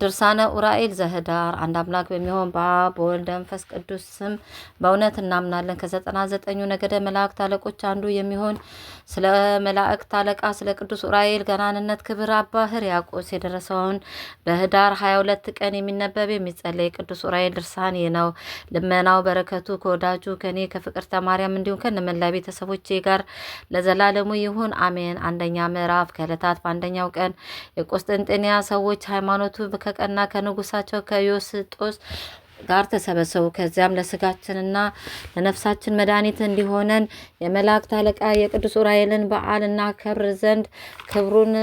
ድርሳነ ኡራኤል ዘህዳር አንድ አምላክ በሚሆን በአብ በወልድ መንፈስ ቅዱስ ስም በእውነት እናምናለን። ከዘጠና ዘጠኙ ነገደ መላእክት አለቆች አንዱ የሚሆን ስለ መላእክት አለቃ ስለ ቅዱስ ኡራኤል ገናንነት ክብር አባ ሕርያቆስ የደረሰውን በህዳር ሀያ ሁለት ቀን የሚነበብ የሚጸለይ ቅዱስ ኡራኤል ድርሳን ይህ ነው። ልመናው በረከቱ ከወዳጁ ከኔ ከፍቅርተ ማርያም እንዲሁም ከነመላ ቤተሰቦቼ ጋር ለዘላለሙ ይሁን አሜን። አንደኛ ምዕራፍ ከዕለታት በአንደኛው ቀን የቆስጥንጥንያ ሰዎች ሃይማኖቱ ከቀና ከንጉሳቸው ከዮስጦስ ጋር ተሰበሰቡ። ከዚያም ለስጋችንና ለነፍሳችን መድኃኒት እንዲሆነን የመላእክት አለቃ የቅዱስ ዑራኤልን በዓል እናከብር ዘንድ ክብሩን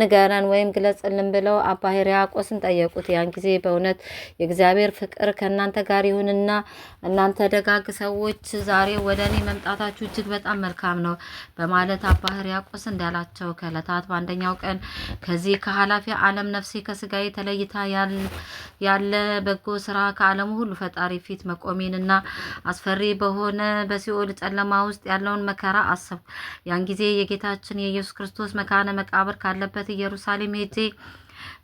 ንገረን ወይም ግለጽልን ብለው አባ ሕርያቆስን ጠየቁት። ያን ጊዜ በእውነት የእግዚአብሔር ፍቅር ከእናንተ ጋር ይሁንና እናንተ ደጋግ ሰዎች ዛሬ ወደ እኔ መምጣታችሁ እጅግ በጣም መልካም ነው በማለት አባ ሕርያቆስ እንዳላቸው ከዕለታት በአንደኛው ቀን ከዚህ ከኃላፊ ዓለም ነፍሴ ከስጋዬ ተለይታ ያለ በጎ ስራ ከዓለሙ ሁሉ ፈጣሪ ፊት መቆሜንና አስፈሪ በሆነ በሲኦል ጨለማ ውስጥ ያለውን መከራ አሰብኩ። ያን ጊዜ የጌታችን የኢየሱስ ክርስቶስ መካነ መቃብር ካለበት ወዳለበት ኢየሩሳሌም ሄጄ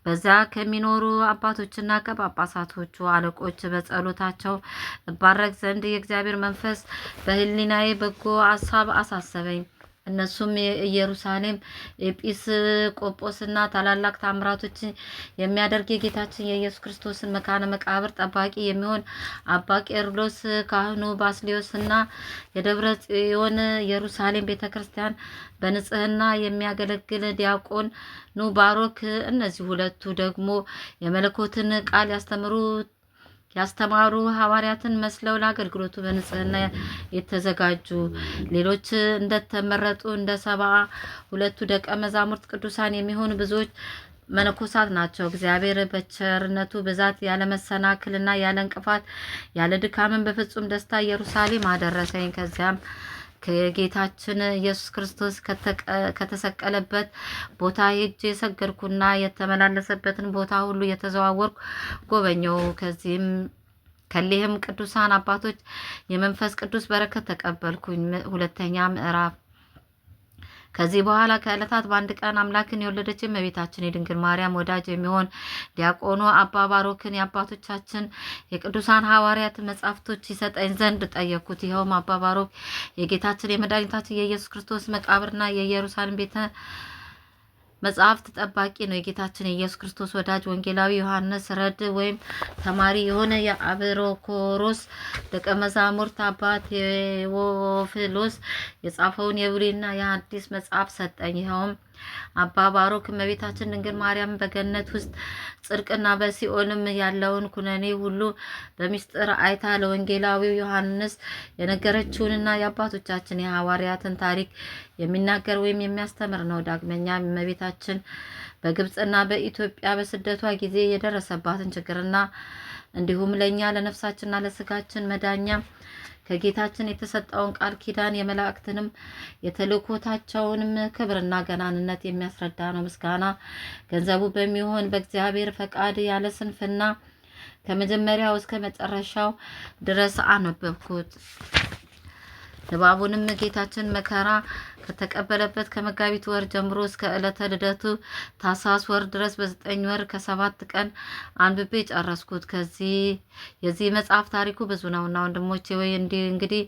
በዛ ከሚኖሩ አባቶችና ከጳጳሳቶቹ አለቆች በጸሎታቸው እባረክ ዘንድ የእግዚአብሔር መንፈስ በህሊናዬ በጎ አሳብ አሳሰበኝ። እነሱም የኢየሩሳሌም ኤጲስ ቆጶስና ታላላቅ ታምራቶችን የሚያደርግ የጌታችን የኢየሱስ ክርስቶስን መካነ መቃብር ጠባቂ የሚሆን አባ ቄርሎስ ካህኑ ባስሌዮስና የደብረ ጽዮን ኢየሩሳሌም ቤተ ክርስቲያን በንጽህና የሚያገለግል ዲያቆን ኑ ባሮክ እነዚህ ሁለቱ ደግሞ የመለኮትን ቃል ያስተምሩ ያስተማሩ ሐዋርያትን መስለው ለአገልግሎቱ በንጽህና የተዘጋጁ ሌሎች እንደተመረጡ እንደ ሰባ ሁለቱ ደቀ መዛሙርት ቅዱሳን የሚሆኑ ብዙዎች መነኮሳት ናቸው። እግዚአብሔር በቸርነቱ ብዛት ያለ መሰናክልና ያለ እንቅፋት ያለ ድካምን በፍጹም ደስታ ኢየሩሳሌም አደረሰኝ። ከዚያም ከጌታችን ኢየሱስ ክርስቶስ ከተሰቀለበት ቦታ ሄጄ የሰገድኩና የተመላለሰበትን ቦታ ሁሉ የተዘዋወርኩ ጎበኘው። ከዚህም ከሊህም ቅዱሳን አባቶች የመንፈስ ቅዱስ በረከት ተቀበልኩኝ። ሁለተኛ ምዕራፍ ከዚህ በኋላ ከዕለታት በአንድ ቀን አምላክን የወለደች እመቤታችን የድንግል ማርያም ወዳጅ የሚሆን ዲያቆኑ አባ ባሮክን የአባቶቻችን የቅዱሳን ሐዋርያት መጻሕፍቶች ይሰጠኝ ዘንድ ጠየቅኩት። ይኸውም አባ ባሮክ የጌታችን የመድኃኒታችን የኢየሱስ ክርስቶስ መቃብርና የኢየሩሳሌም ቤተ መጽሐፍት ጠባቂ ነው። የጌታችን የኢየሱስ ክርስቶስ ወዳጅ ወንጌላዊ ዮሐንስ ረድ ወይም ተማሪ የሆነ የአብሮኮሮስ ደቀ መዛሙርት አባ ቴዎፍሎስ የጻፈውን የብሉይና የአዲስ መጽሐፍ ሰጠኝ። ይኸውም አባ ባሮክ እመቤታችን ድንግል ማርያም በገነት ውስጥ ጽድቅና በሲኦልም ያለውን ኩነኔ ሁሉ በሚስጥር አይታ ለወንጌላዊው ዮሐንስ የነገረችውንና የአባቶቻችን የሐዋርያትን ታሪክ የሚናገር ወይም የሚያስተምር ነው። ዳግመኛ እመቤታችን በግብፅና በኢትዮጵያ በስደቷ ጊዜ የደረሰባትን ችግርና እንዲሁም ለእኛ ለነፍሳችንና ለስጋችን መዳኛ ከጌታችን የተሰጠውን ቃል ኪዳን የመላእክትንም የተልእኮታቸውንም ክብርና ገናንነት የሚያስረዳ ነው። ምስጋና ገንዘቡ በሚሆን በእግዚአብሔር ፈቃድ ያለ ስንፍና ከመጀመሪያው እስከ መጨረሻው ድረስ አነበብኩት። ንባቡንም ጌታችን መከራ ከተቀበለበት ከመጋቢት ወር ጀምሮ እስከ ዕለተ ልደቱ ታሳስ ወር ድረስ በዘጠኝ ወር ከሰባት ቀን አንብቤ ጨረስኩት። ከዚህ የዚህ መጽሐፍ ታሪኩ ብዙ ነውና ወንድሞቼ ወይ እንዲህ እንግዲህ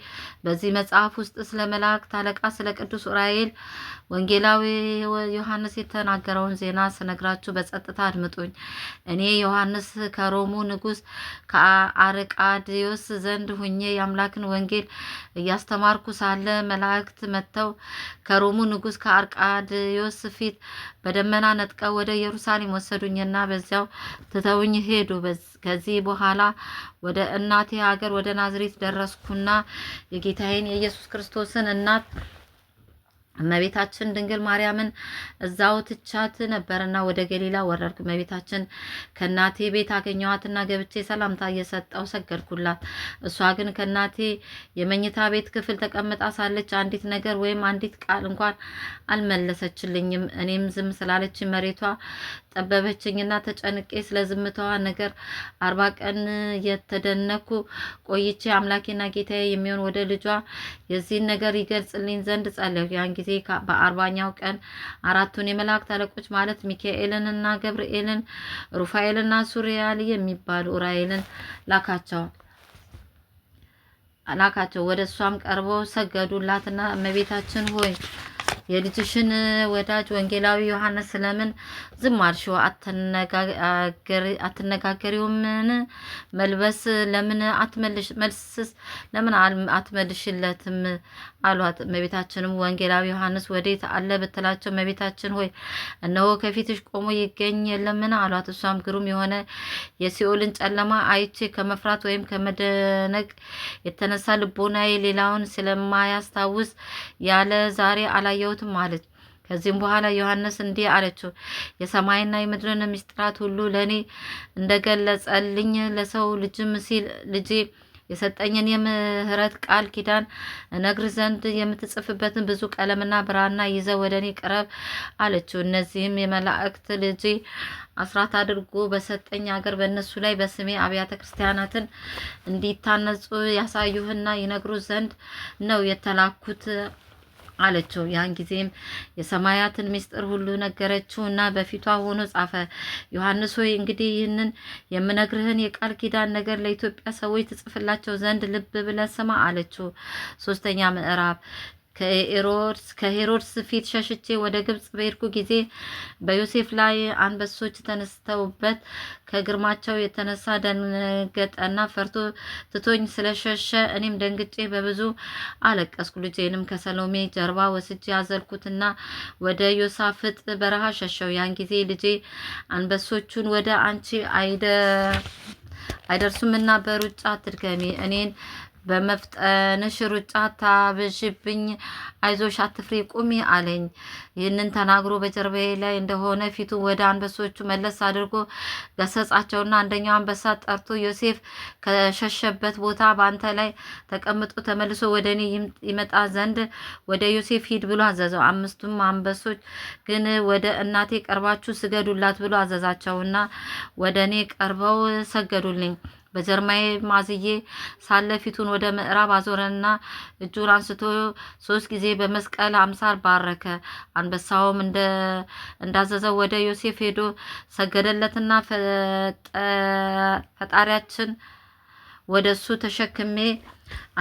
በዚህ መጽሐፍ ውስጥ ስለ መላእክት አለቃ ስለ ቅዱስ ዑራኤል ወንጌላዊ ዮሐንስ የተናገረውን ዜና ስነግራችሁ በጸጥታ አድምጡኝ። እኔ ዮሐንስ ከሮሙ ንጉሥ ከአርቃዲዮስ ዘንድ ሁኜ የአምላክን ወንጌል እያስተማርኩ ሳለ መላእክት መጥተው ከሮሙ ንጉስ ከአርቃድዮስ ፊት በደመና ነጥቀው ወደ ኢየሩሳሌም ወሰዱኝና በዚያው ትተውኝ ሄዱ። ከዚህ በኋላ ወደ እናቴ ሀገር ወደ ናዝሬት ደረስኩና የጌታዬን የኢየሱስ ክርስቶስን እናት እመቤታችን ድንግል ማርያምን እዛው ትቻት ነበርና ወደ ገሊላ ወረድኩ። እመቤታችን ከእናቴ ቤት አገኘኋትና ገብቼ ሰላምታ እየሰጠው ሰገድኩላት። እሷ ግን ከእናቴ የመኝታ ቤት ክፍል ተቀምጣ ሳለች አንዲት ነገር ወይም አንዲት ቃል እንኳን አልመለሰችልኝም። እኔም ዝም ስላለች መሬቷ ጠበበችኝና ተጨንቄ ስለ ዝምታዋ ነገር አርባ ቀን የተደነኩ ቆይቼ አምላኬና ጌታዬ የሚሆን ወደ ልጇ የዚህን ነገር ይገልጽልኝ ዘንድ ጸለይኩ። ያን ጊዜ በአርባኛው ቀን አራቱን የመላእክት አለቆች ማለት ሚካኤልን ገብርኤልን ሩፋኤልና ሱሪያል የሚባሉ ኡራኤልን ላካቸው ላካቸው ወደ እሷም ቀርበው ሰገዱላትና እመቤታችን ሆይ የልጅሽን ወዳጅ ወንጌላዊ ዮሐንስ ስለምን ዝም አልሽው? አትነጋገሪውምን? መልበስ ለምን መልስስ ለምን አትመልሽለትም አሏት። እመቤታችንም ወንጌላዊ ዮሐንስ ወዴት አለ ብትላቸው፣ እመቤታችን ሆይ እነሆ ከፊትሽ ቆሞ ይገኝ የለምን አሏት። እሷም ግሩም የሆነ የሲኦልን ጨለማ አይቼ ከመፍራት ወይም ከመደነቅ የተነሳ ልቦናዬ ሌላውን ስለማያስታውስ ያለ ዛሬ አላየው አላየሁትም አለች። ከዚህም በኋላ ዮሐንስ እንዲህ አለችው፣ የሰማይና የምድርን ምስጢራት ሁሉ ለእኔ እንደገለጸልኝ ለሰው ልጅም ሲል ልጄ የሰጠኝን የምህረት ቃል ኪዳን እነግር ዘንድ የምትጽፍበትን ብዙ ቀለምና ብራና ይዘ ወደ እኔ ቅረብ አለችው። እነዚህም የመላእክት ልጅ አስራት አድርጎ በሰጠኝ ሀገር በእነሱ ላይ በስሜ አብያተ ክርስቲያናትን እንዲታነጹ ያሳዩህና ይነግሩ ዘንድ ነው የተላኩት አለችው። ያን ጊዜም የሰማያትን ምስጢር ሁሉ ነገረችው እና በፊቷ ሆኖ ጻፈ። ዮሐንስ ሆይ እንግዲህ ይህንን የምነግርህን የቃል ኪዳን ነገር ለኢትዮጵያ ሰዎች ትጽፍላቸው ዘንድ ልብ ብለህ ስማ አለችው። ሶስተኛ ምዕራፍ ከሄሮድስ ከሄሮድስ ፊት ሸሽቼ ወደ ግብጽ በሄድኩ ጊዜ በዮሴፍ ላይ አንበሶች ተነስተውበት ከግርማቸው የተነሳ ደንገጠና ፈርቶ ትቶኝ ስለሸሸ እኔም ደንግጬ በብዙ አለቀስኩ። ልጄንም ከሰሎሜ ጀርባ ወስጄ ያዘልኩትና ወደ ዮሳፍጥ በረሃ ሸሸው። ያን ጊዜ ልጄ አንበሶቹን ወደ አንቺ አይደ አይደርሱምና በሩጫ አትድገሚ እኔን በመፍጠንሽ ሩጫ ታብዥብኝ አይዞሽ አትፍሪ ቁሚ አለኝ። ይህንን ተናግሮ በጀርባዬ ላይ እንደሆነ ፊቱ ወደ አንበሶቹ መለስ አድርጎ ገሰጻቸውና አንደኛው አንበሳ ጠርቶ ዮሴፍ ከሸሸበት ቦታ በአንተ ላይ ተቀምጦ ተመልሶ ወደ እኔ ይመጣ ዘንድ ወደ ዮሴፍ ሂድ ብሎ አዘዘው። አምስቱም አንበሶች ግን ወደ እናቴ ቀርባችሁ ስገዱላት ብሎ አዘዛቸውና ወደ እኔ ቀርበው ሰገዱልኝ። በጀርማዬ ማዝዬ ሳለ ፊቱን ወደ ምዕራብ አዞረና እጁን አንስቶ ሶስት ጊዜ በመስቀል አምሳል ባረከ። አንበሳውም እንዳዘዘው ወደ ዮሴፍ ሄዶ ሰገደለትና ፈጣሪያችን ወደ እሱ ተሸክሜ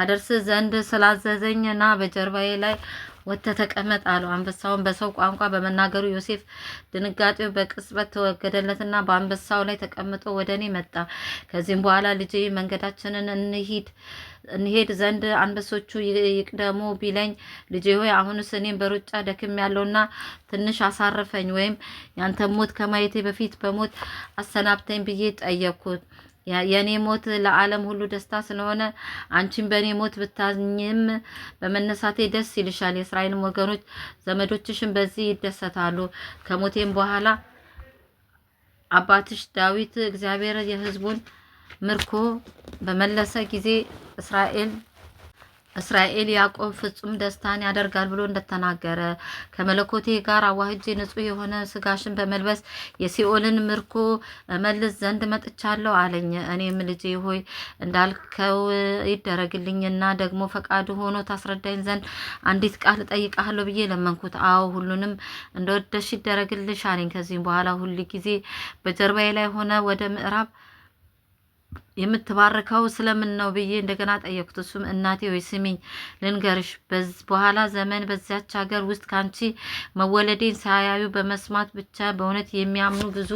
አደርስ ዘንድ ስላዘዘኝ ና በጀርባዬ ላይ ወጥተህ ተቀመጥ አለው። አንበሳውን በሰው ቋንቋ በመናገሩ ዮሴፍ ድንጋጤው በቅጽበት ተወገደለትና በአንበሳው ላይ ተቀምጦ ወደ እኔ መጣ። ከዚህም በኋላ ልጄ መንገዳችንን እንሂድ እንሄድ ዘንድ አንበሶቹ ይቅደሙ ቢለኝ፣ ልጄ ሆይ አሁንስ እኔም በሩጫ ደክም ያለውና ትንሽ አሳርፈኝ ወይም ያንተ ሞት ከማየቴ በፊት በሞት አሰናብተኝ ብዬ ጠየቅኩት። የእኔ ሞት ለዓለም ሁሉ ደስታ ስለሆነ አንቺን በእኔ ሞት ብታዝኝም በመነሳቴ ደስ ይልሻል። የእስራኤል ወገኖች ዘመዶችሽን በዚህ ይደሰታሉ። ከሞቴም በኋላ አባትሽ ዳዊት እግዚአብሔር የሕዝቡን ምርኮ በመለሰ ጊዜ እስራኤል እስራኤል ያዕቆብ ፍጹም ደስታን ያደርጋል ብሎ እንደተናገረ ከመለኮቴ ጋር አዋህጄ ንጹህ የሆነ ስጋሽን በመልበስ የሲኦልን ምርኮ መልስ ዘንድ መጥቻለሁ አለኝ። እኔም ልጄ ሆይ እንዳልከው ይደረግልኝና ደግሞ ፈቃድ ሆኖ ታስረዳኝ ዘንድ አንዲት ቃል እጠይቅሃለሁ ብዬ ለመንኩት። አዎ ሁሉንም እንደወደሽ ይደረግልሽ አለኝ። ከዚህም በኋላ ሁል ጊዜ በጀርባዬ ላይ ሆነ ወደ ምዕራብ የምትባርከው ስለምን ነው ብዬ እንደገና ጠየኩት። እሱም እናቴ ወይ ስሚኝ ልንገርሽ፣ በኋላ ዘመን በዚያች ሀገር ውስጥ ከአንቺ መወለዴን ሳያዩ በመስማት ብቻ በእውነት የሚያምኑ ብዙ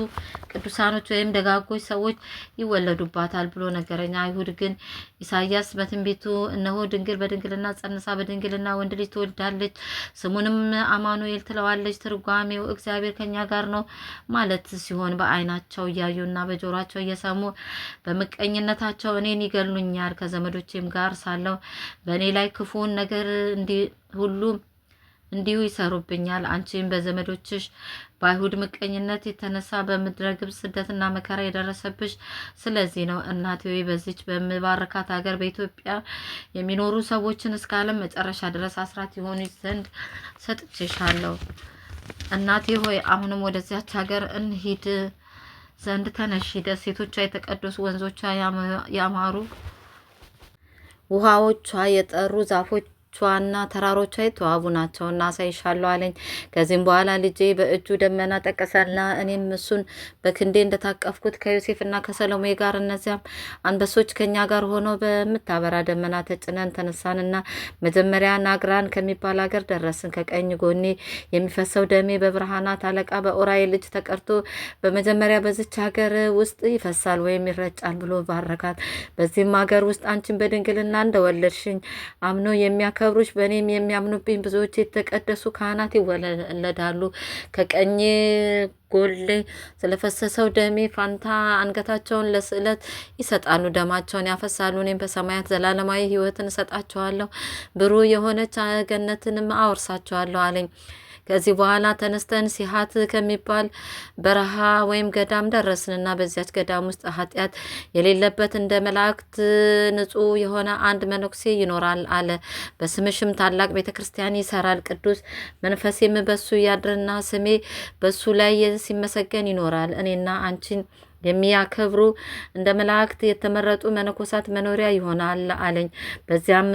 ቅዱሳኖች ወይም ደጋጎች ሰዎች ይወለዱባታል ብሎ ነገረኛ። አይሁድ ግን ኢሳያስ በትንቢቱ እነሆ ድንግል በድንግልና ጸንሳ በድንግልና ወንድ ልጅ ትወልዳለች፣ ስሙንም አማኑኤል ትለዋለች፣ ትርጓሜው እግዚአብሔር ከኛ ጋር ነው ማለት ሲሆን በአይናቸው እያዩና በጆሯቸው እየሰሙ በምቀ ምቀኝነታቸው እኔን ይገሉኛል፣ ከዘመዶቼም ጋር ሳለው በእኔ ላይ ክፉን ነገር ሁሉ እንዲሁ ይሰሩብኛል። አንቺም በዘመዶችሽ በአይሁድ ምቀኝነት የተነሳ በምድረ ግብፅ ስደትና መከራ የደረሰብሽ ስለዚህ ነው። እናቴ ወይ በዚች በምባረካት ሀገር በኢትዮጵያ የሚኖሩ ሰዎችን እስከ ዓለም መጨረሻ ድረስ አስራት የሆኑ ዘንድ ሰጥቼሻለሁ። እናቴ ሆይ አሁንም ወደዚያች ሀገር እንሂድ። ዘንድ ተነሺ። ደሴቶቿ የተቀደሱ ወንዞቿ ያማሩ ውሃዎቿ የጠሩ ዛፎች ዛፎቿና ተራሮቿ የተዋቡ ናቸውና አሳይሻለሁ አለኝ። ከዚህም በኋላ ልጄ በእጁ ደመና ጠቀሰና እኔም እሱን በክንዴ እንደታቀፍኩት ከዮሴፍና ከሰሎሜ ጋር እነዚያም አንበሶች ከኛ ጋር ሆኖ በምታበራ ደመና ተጭነን ተነሳንና መጀመሪያ ናግራን ከሚባል ሀገር ደረስን። ከቀኝ ጎኔ የሚፈሰው ደሜ በብርሃናት አለቃ በኡራኤል ልጅ ተቀርቶ በመጀመሪያ በዚች ሀገር ውስጥ ይፈሳል ወይም ይረጫል ብሎ ባረካት። በዚህም ሀገር ውስጥ አንቺን በድንግልና እንደወለድሽኝ አምኖ የሚያከ የሚከብሩች በእኔም የሚያምኑብኝ ብዙዎች የተቀደሱ ካህናት ይወለዳሉ። ከቀኝ ጎሌ ስለፈሰሰው ደሜ ፋንታ አንገታቸውን ለስዕለት ይሰጣሉ፣ ደማቸውን ያፈሳሉ። እኔም በሰማያት ዘላለማዊ ሕይወትን እሰጣቸዋለሁ፣ ብሩህ የሆነች ገነትንም አወርሳቸዋለሁ አለኝ። ከዚህ በኋላ ተነስተን ሲሀት ከሚባል በረሃ ወይም ገዳም ደረስንና በዚያች ገዳም ውስጥ ኃጢአት የሌለበት እንደ መላእክት ንጹሕ የሆነ አንድ መነኩሴ ይኖራል አለ። በስምሽም ታላቅ ቤተ ክርስቲያን ይሰራል። ቅዱስ መንፈሴም በሱ ያድርና ስሜ በሱ ላይ ሲመሰገን ይኖራል። እኔና አንቺን የሚያከብሩ እንደ መላእክት የተመረጡ መነኮሳት መኖሪያ ይሆናል አለኝ። በዚያም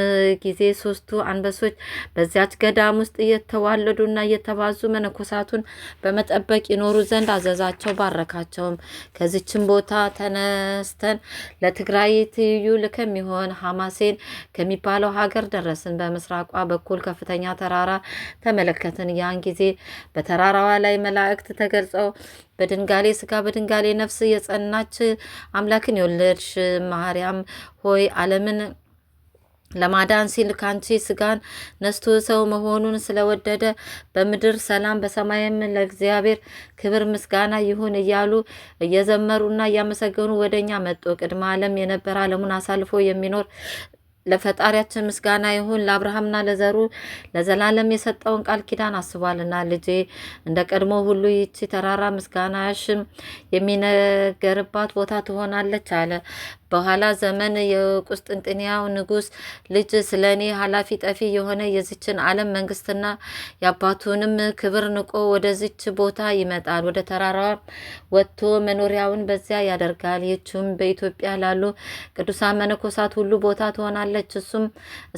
ጊዜ ሶስቱ አንበሶች በዚያች ገዳም ውስጥ እየተዋለዱና እየተባዙ መነኮሳቱን በመጠበቅ ይኖሩ ዘንድ አዘዛቸው፣ ባረካቸውም። ከዚችም ቦታ ተነስተን ለትግራይ ትይዩ ከሚሆን ሀማሴን ከሚባለው ሀገር ደረስን። በምስራቋ በኩል ከፍተኛ ተራራ ተመለከትን። ያን ጊዜ በተራራዋ ላይ መላእክት ተገልጸው በድንጋሌ ስጋ በድንጋሌ ነፍስ የጸናች አምላክን የወለድሽ ማርያም ሆይ ዓለምን ለማዳን ሲል ካንቺ ስጋን ነስቶ ሰው መሆኑን ስለወደደ በምድር ሰላም በሰማይም ለእግዚአብሔር ክብር ምስጋና ይሁን እያሉ እየዘመሩና እያመሰገኑ ወደኛ መጡ። ቅድመ ዓለም የነበረ ዓለሙን አሳልፎ የሚኖር ለፈጣሪያችን ምስጋና ይሁን። ለአብርሃምና ለዘሩ ለዘላለም የሰጠውን ቃል ኪዳን አስቧልና ልጄ እንደ ቀድሞ ሁሉ ይቺ ተራራ ምስጋናሽም የሚነገርባት ቦታ ትሆናለች አለ። በኋላ ዘመን የቁስጥንጥንያው ንጉሥ ልጅ ስለ እኔ ኃላፊ ጠፊ የሆነ የዝችን ዓለም መንግስትና የአባቱንም ክብር ንቆ ወደዚች ቦታ ይመጣል። ወደ ተራራዋ ወጥቶ መኖሪያውን በዚያ ያደርጋል። ይህችም በኢትዮጵያ ላሉ ቅዱሳን መነኮሳት ሁሉ ቦታ ትሆናለች። እሱም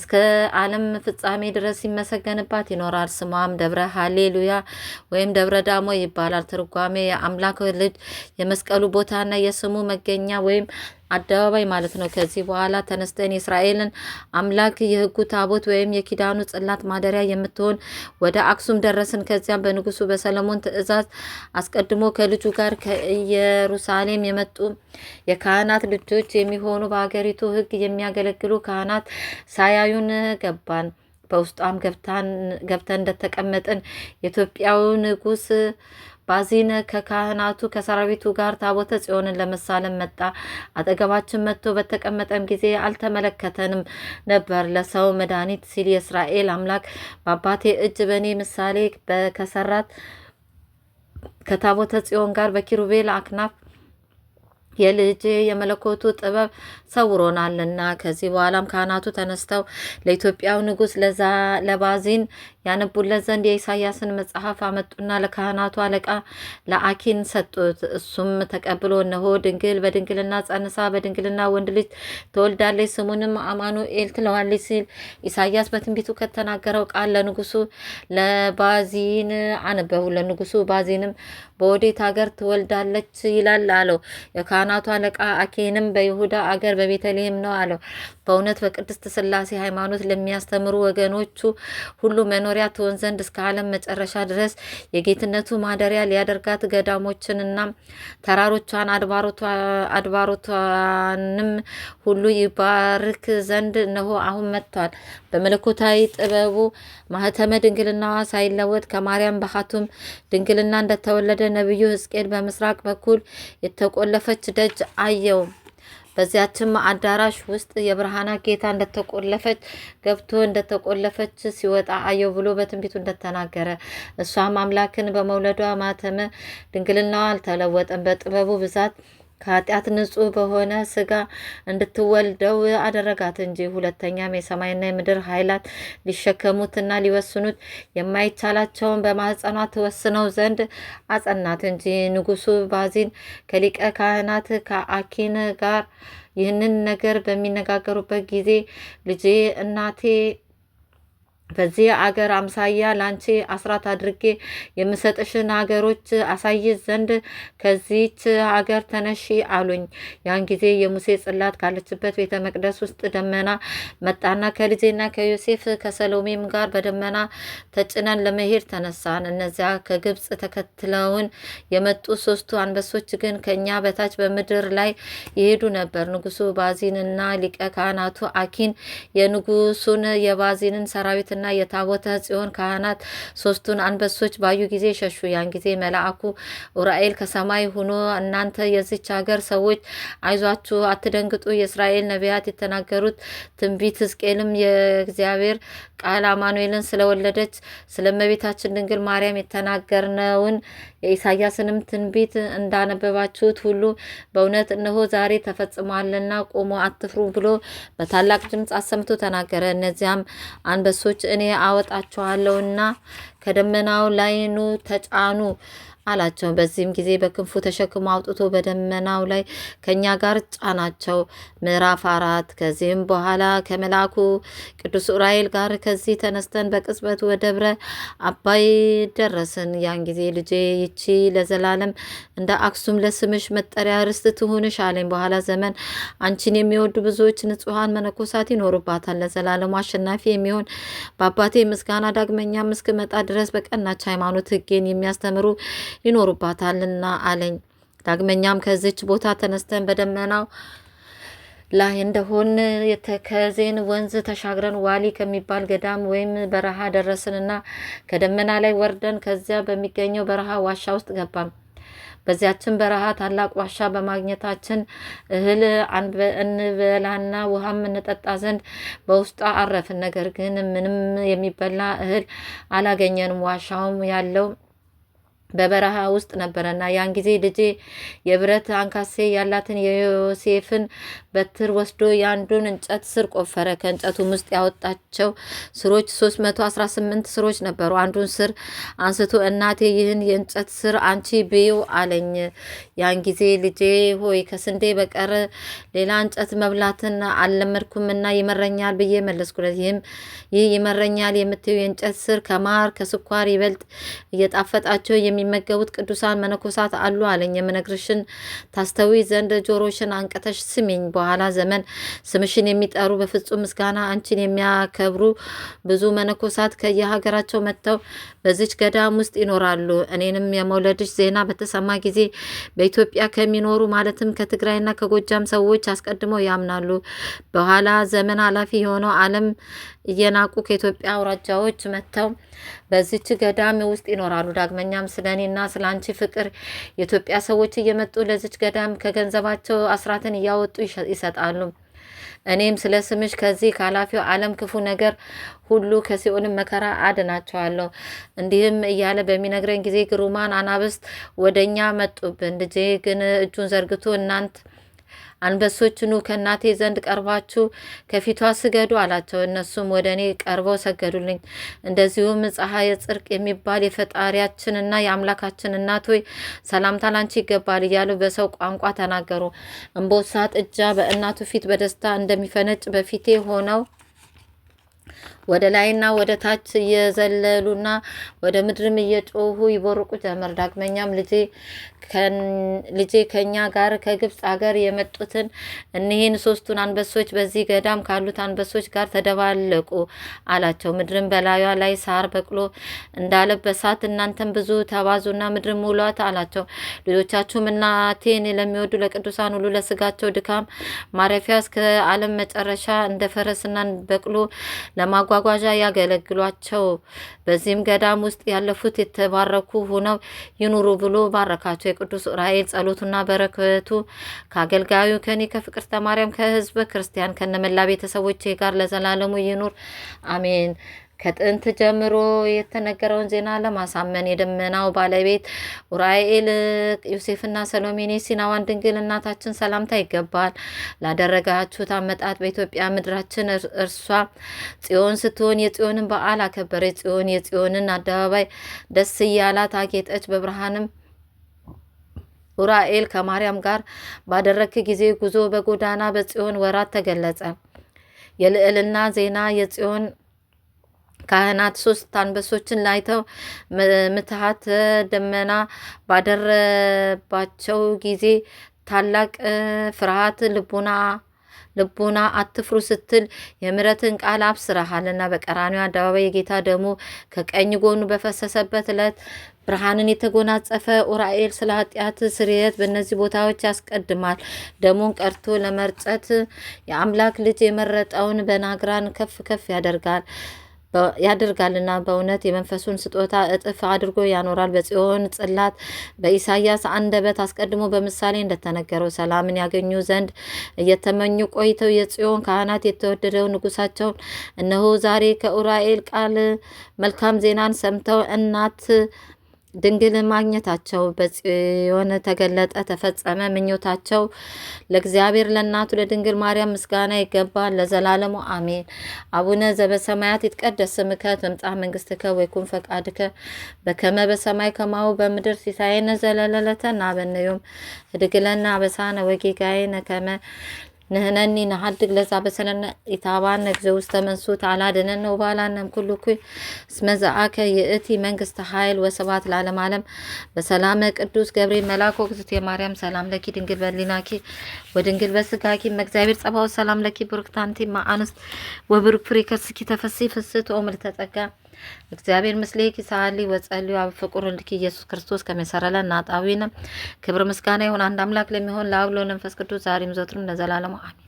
እስከ ዓለም ፍጻሜ ድረስ ይመሰገንባት ይኖራል። ስሟም ደብረ ሀሌሉያ ወይም ደብረ ዳሞ ይባላል። ትርጓሜ የአምላክ ልጅ የመስቀሉ ቦታና የስሙ መገኛ ወይም አደባባይ ማለት ነው። ከዚህ በኋላ ተነስተን የእስራኤልን አምላክ የሕጉ ታቦት ወይም የኪዳኑ ጽላት ማደሪያ የምትሆን ወደ አክሱም ደረስን። ከዚያም በንጉሱ በሰለሞን ትእዛዝ አስቀድሞ ከልጁ ጋር ከኢየሩሳሌም የመጡ የካህናት ልጆች የሚሆኑ በሀገሪቱ ሕግ የሚያገለግሉ ካህናት ሳያዩን ገባን። በውስጧም ገብተን እንደተቀመጥን የኢትዮጵያው ንጉስ ባዚን ከካህናቱ ከሰራዊቱ ጋር ታቦተ ጽዮንን ለመሳለም መጣ። አጠገባችን መጥቶ በተቀመጠም ጊዜ አልተመለከተንም ነበር። ለሰው መድኃኒት ሲል የእስራኤል አምላክ በአባቴ እጅ በእኔ ምሳሌ ከሰራት ከታቦተ ጽዮን ጋር በኪሩቤል አክናፍ የልጄ የመለኮቱ ጥበብ ሰውሮናልና። ከዚህ በኋላም ካህናቱ ተነስተው ለኢትዮጵያው ንጉሥ ለባዚን ያነቡለት ዘንድ የኢሳያስን መጽሐፍ አመጡና ለካህናቱ አለቃ ለአኪን ሰጡት። እሱም ተቀብሎ እነሆ ድንግል በድንግልና ጸንሳ በድንግልና ወንድ ልጅ ትወልዳለች ስሙንም አማኑኤል ትለዋለች ሲል ኢሳያስ በትንቢቱ ከተናገረው ቃል ለንጉሱ ለባዚን አነበቡ። ለንጉሱ ባዚንም በወዴት ሀገር ትወልዳለች ይላል አለው። የካህናቱ አለቃ አኪንም በይሁዳ አገር በቤተልሔም ነው አለው። በእውነት በቅድስት ስላሴ ሃይማኖት ለሚያስተምሩ ወገኖቹ ሁሉ መኖሪያ ትሆን ዘንድ እስከ ዓለም መጨረሻ ድረስ የጌትነቱ ማደሪያ ሊያደርጋት ገዳሞችንና ተራሮቿን አድባሮቷንም ሁሉ ይባርክ ዘንድ እነሆ አሁን መጥቷል። በመለኮታዊ ጥበቡ ማህተመ ድንግልናዋ ሳይለወጥ ከማርያም በሀቱም ድንግልና እንደተወለደ ነቢዩ ሕዝቅኤል በምስራቅ በኩል የተቆለፈች ደጅ አየው። በዚያችም አዳራሽ ውስጥ የብርሃና ጌታ እንደተቆለፈች ገብቶ እንደተቆለፈች ሲወጣ አየው ብሎ በትንቢቱ እንደተናገረ እሷም አምላክን በመውለዷ ማተመ ድንግልናዋ አልተለወጠም። በጥበቡ ብዛት ከኃጢአት ንጹህ በሆነ ስጋ እንድትወልደው አደረጋት እንጂ ሁለተኛም የሰማይና የምድር ኃይላት ሊሸከሙትና ሊወስኑት የማይቻላቸውን በማህፀኗ ትወስነው ዘንድ አጸናት እንጂ። ንጉሱ ባዚን ከሊቀ ካህናት ከአኪን ጋር ይህንን ነገር በሚነጋገሩበት ጊዜ ልጄ እናቴ በዚህ አገር አምሳያ ላንቺ አስራት አድርጌ የምሰጥሽን አገሮች አሳይ ዘንድ ከዚች አገር ተነሺ አሉኝ። ያን ጊዜ የሙሴ ጽላት ካለችበት ቤተ መቅደስ ውስጥ ደመና መጣና ከልጄና ከዮሴፍ ከሰሎሜም ጋር በደመና ተጭነን ለመሄድ ተነሳን። እነዚያ ከግብፅ ተከትለውን የመጡ ሶስቱ አንበሶች ግን ከኛ በታች በምድር ላይ ይሄዱ ነበር። ንጉሱ ባዚንና ሊቀ ካህናቱ አኪን የንጉሱን የባዚንን ሰራዊትና እና የታቦተ ጽዮን ካህናት ሶስቱን አንበሶች ባዩ ጊዜ ሸሹ። ያን ጊዜ መልአኩ ኡራኤል ከሰማይ ሆኖ እናንተ የዚች ሀገር ሰዎች አይዟችሁ፣ አትደንግጡ፣ የእስራኤል ነቢያት የተናገሩት ትንቢት ሕዝቅኤልም የእግዚአብሔር ቃል አማኑኤልን ስለወለደች ስለመቤታችን ድንግል ማርያም የተናገርነውን የኢሳያስንም ትንቢት እንዳነበባችሁት ሁሉ በእውነት እነሆ ዛሬ ተፈጽሟልና ቆሞ አትፍሩ ብሎ በታላቅ ድምፅ አሰምቶ ተናገረ። እነዚያም አንበሶች እኔ አወጣችኋለሁና ከደመናው ላይ ተጫኑ አላቸው። በዚህም ጊዜ በክንፉ ተሸክሞ አውጥቶ በደመናው ላይ ከእኛ ጋር ጫናቸው። ምዕራፍ አራት ከዚህም በኋላ ከመልአኩ ቅዱስ ዑራኤል ጋር ከዚህ ተነስተን በቅጽበት ወደብረ አባይ ደረስን። ያን ጊዜ ልጄ ይቺ ለዘላለም እንደ አክሱም ለስምሽ መጠሪያ ርስት ትሁንሽ አለኝ። በኋላ ዘመን አንቺን የሚወዱ ብዙዎች ንጹሐን መነኮሳት ይኖሩባታል። ለዘላለሙ አሸናፊ የሚሆን በአባቴ ምስጋና ዳግመኛም እስክመጣ ድረስ በቀናች ሃይማኖት ሕጌን የሚያስተምሩ ይኖሩባታልና አለኝ። ዳግመኛም ከዚች ቦታ ተነስተን በደመናው ላይ እንደሆን የተከዜን ወንዝ ተሻግረን ዋሊ ከሚባል ገዳም ወይም በረሃ ደረስንና ከደመና ላይ ወርደን ከዚያ በሚገኘው በረሃ ዋሻ ውስጥ ገባን። በዚያችን በረሃ ታላቅ ዋሻ በማግኘታችን እህል እንበላና ውሃም እንጠጣ ዘንድ በውስጧ አረፍን። ነገር ግን ምንም የሚበላ እህል አላገኘንም። ዋሻውም ያለው በበረሃ ውስጥ ነበረና ያን ጊዜ ልጄ የብረት አንካሴ ያላትን የዮሴፍን በትር ወስዶ የአንዱን እንጨት ስር ቆፈረ። ከእንጨቱም ውስጥ ያወጣቸው ስሮች 318 ስሮች ነበሩ። አንዱን ስር አንስቶ እናቴ ይህን የእንጨት ስር አንቺ ብዩ አለኝ። ያን ጊዜ ልጄ ሆይ ከስንዴ በቀር ሌላ እንጨት መብላትን አልለመድኩምና ይመረኛል ብዬ መለስኩለት። ይህም ይህ ይመረኛል የምትዩ የእንጨት ስር ከማር ከስኳር ይበልጥ እየጣፈጣቸው የሚመገቡት ቅዱሳን መነኮሳት አሉ አለኝ። የምነግርሽን ታስተዊ ዘንድ ጆሮሽን አንቀተሽ ስሚኝ። በኋላ ዘመን ስምሽን የሚጠሩ በፍጹም ምስጋና አንቺን የሚያከብሩ ብዙ መነኮሳት ከየሀገራቸው መጥተው በዚች ገዳም ውስጥ ይኖራሉ። እኔንም የመውለድሽ ዜና በተሰማ ጊዜ በኢትዮጵያ ከሚኖሩ ማለትም ከትግራይና ከጎጃም ሰዎች አስቀድመው ያምናሉ። በኋላ ዘመን ኃላፊ የሆነው ዓለም እየናቁ ከኢትዮጵያ አውራጃዎች መጥተው በዚች ገዳም ውስጥ ይኖራሉ። ዳግመኛም ስለ እኔና ስለ አንቺ ፍቅር የኢትዮጵያ ሰዎች እየመጡ ለዚች ገዳም ከገንዘባቸው አስራትን እያወጡ ይሰጣሉ። እኔም ስለ ስምሽ ከዚህ ከኃላፊው ዓለም ክፉ ነገር ሁሉ ከሲኦልም መከራ አድናቸዋለሁ። እንዲህም እያለ በሚነግረኝ ጊዜ ግሩማን አናብስት ወደ እኛ መጡብን። ልጄ ግን እጁን ዘርግቶ እናንት አንበሶች ኑ ከእናቴ ዘንድ ቀርባችሁ ከፊቷ ስገዱ አላቸው። እነሱም ወደ እኔ ቀርበው ሰገዱልኝ። እንደዚሁም ፀሐየ ጽድቅ የሚባል የፈጣሪያችንና የአምላካችን እናት ሆይ ሰላምታ ላንቺ ይገባል እያሉ በሰው ቋንቋ ተናገሩ። እንቦሳ ጥጃ በእናቱ ፊት በደስታ እንደሚፈነጭ በፊቴ ሆነው ወደ ላይና ወደ ታች እየዘለሉና ወደ ምድርም እየጮሁ ይቦርቁ ጀመር። ዳግመኛም ልጄ ከእኛ ጋር ከግብፅ አገር የመጡትን እኒህን ሶስቱን አንበሶች በዚህ ገዳም ካሉት አንበሶች ጋር ተደባለቁ አላቸው። ምድርም በላዩ ላይ ሳር በቅሎ እንዳለበሳት እናንተም ብዙ ተባዙና ምድር ሙሏት አላቸው። ልጆቻችሁም እናቴን ለሚወዱ ለቅዱሳን ሁሉ ለስጋቸው ድካም ማረፊያ እስከ ዓለም መጨረሻ እንደ ፈረስና በቅሎ ለማጓ ማጓጓዣ ያገለግሏቸው። በዚህም ገዳም ውስጥ ያለፉት የተባረኩ ሆነው ይኑሩ ብሎ ባረካቸው። የቅዱስ ዑራኤል ጸሎቱና በረከቱ ከአገልጋዩ ከኔ ከፍቅርተ ማርያም ከህዝበ ክርስቲያን ከነመላ ቤተሰቦቼ ጋር ለዘላለሙ ይኑር አሜን። ከጥንት ጀምሮ የተነገረውን ዜና ለማሳመን የደመናው ባለቤት ኡራኤል ዮሴፍና ሰሎሜኔ ሲናዋን ድንግል እናታችን ሰላምታ ይገባል። ላደረጋችሁት አመጣት በኢትዮጵያ ምድራችን እርሷ ጽዮን ስትሆን የጽዮንን በዓል አከበረች። ጽዮን የጽዮንን አደባባይ ደስ እያላት አጌጠች። በብርሃንም ኡራኤል ከማርያም ጋር ባደረክ ጊዜ ጉዞ በጎዳና በጽዮን ወራት ተገለጸ። የልዕልና ዜና የጽዮን ካህናት ሶስት አንበሶችን ላይተው ምትሃት ደመና ባደረባቸው ጊዜ ታላቅ ፍርሃት ልቡና ልቡና አትፍሩ ስትል የምረትን ቃል አብስረሃልና በቀራንዮ አደባባይ የጌታ ደሙ ከቀኝ ጎኑ በፈሰሰበት ለት ብርሃንን የተጎናጸፈ ኡራኤል ስለ ኃጢአት ስርየት በእነዚህ ቦታዎች ያስቀድማል። ደሙን ቀርቶ ለመርጨት የአምላክ ልጅ የመረጠውን በናግራን ከፍ ከፍ ያደርጋል። ያደርጋልና በእውነት የመንፈሱን ስጦታ እጥፍ አድርጎ ያኖራል። በጽዮን ጽላት በኢሳያስ አንደበት አስቀድሞ በምሳሌ እንደተነገረው ሰላምን ያገኙ ዘንድ እየተመኙ ቆይተው የጽዮን ካህናት የተወደደው ንጉሳቸውን እነሆ ዛሬ ከኡራኤል ቃል መልካም ዜናን ሰምተው እናት ድንግል ማግኘታቸው በጽዮን ተገለጠ፣ ተፈጸመ። ምኞታቸው ለእግዚአብሔር ለእናቱ ለድንግል ማርያም ምስጋና ይገባል ለዘላለሙ አሜን። አቡነ ዘበሰማያት ይትቀደስ ስምከ ትምጻእ መንግስትከ ወይኩን ፈቃድከ በከመ በሰማይ ከማሁ በምድር ሲሳየነ ዘለለዕለትነ ሀበነ ዮም ኅድግ ለነ አበሳነ ወጌጋየነ ከመ ንህነኒ ንሓድግ ለዛ በሰለነ ኢታባነ ግዜ ውስተ መንሱት አላድነነ ወባላነም ኩሉ ኩ እስመ የእቲ መንግስተ ኃይል ወሰባት ለዓለመ ዓለም። በሰላመ ቅዱስ ገብርኤል መላኮ ወእግዝእትየ ማርያም ሰላም ለኪ ድንግል በሊናኪ ወድንግል በስጋኪ መእግዚአብሔር ጸባኦት ሰላም ለኪ ብሩክታንቲ መአንስት ወብሩክ ፍሬ ከርስኪ ተፈስሒ ፍስሕት ኦ ምልዕተ እግዚአብሔር ምስሌኪ ሳሊ ወጸልዩ አብ ፍቁር እንድኪ ኢየሱስ ክርስቶስ ከመሰረለ እናጣዊነ ክብር ምስጋና ይሁን አንድ አምላክ ለሚሆን ለአብ ለወልድ ለመንፈስ ቅዱስ ዛሬም ዘወትርም ለዘላለሙ አሜን።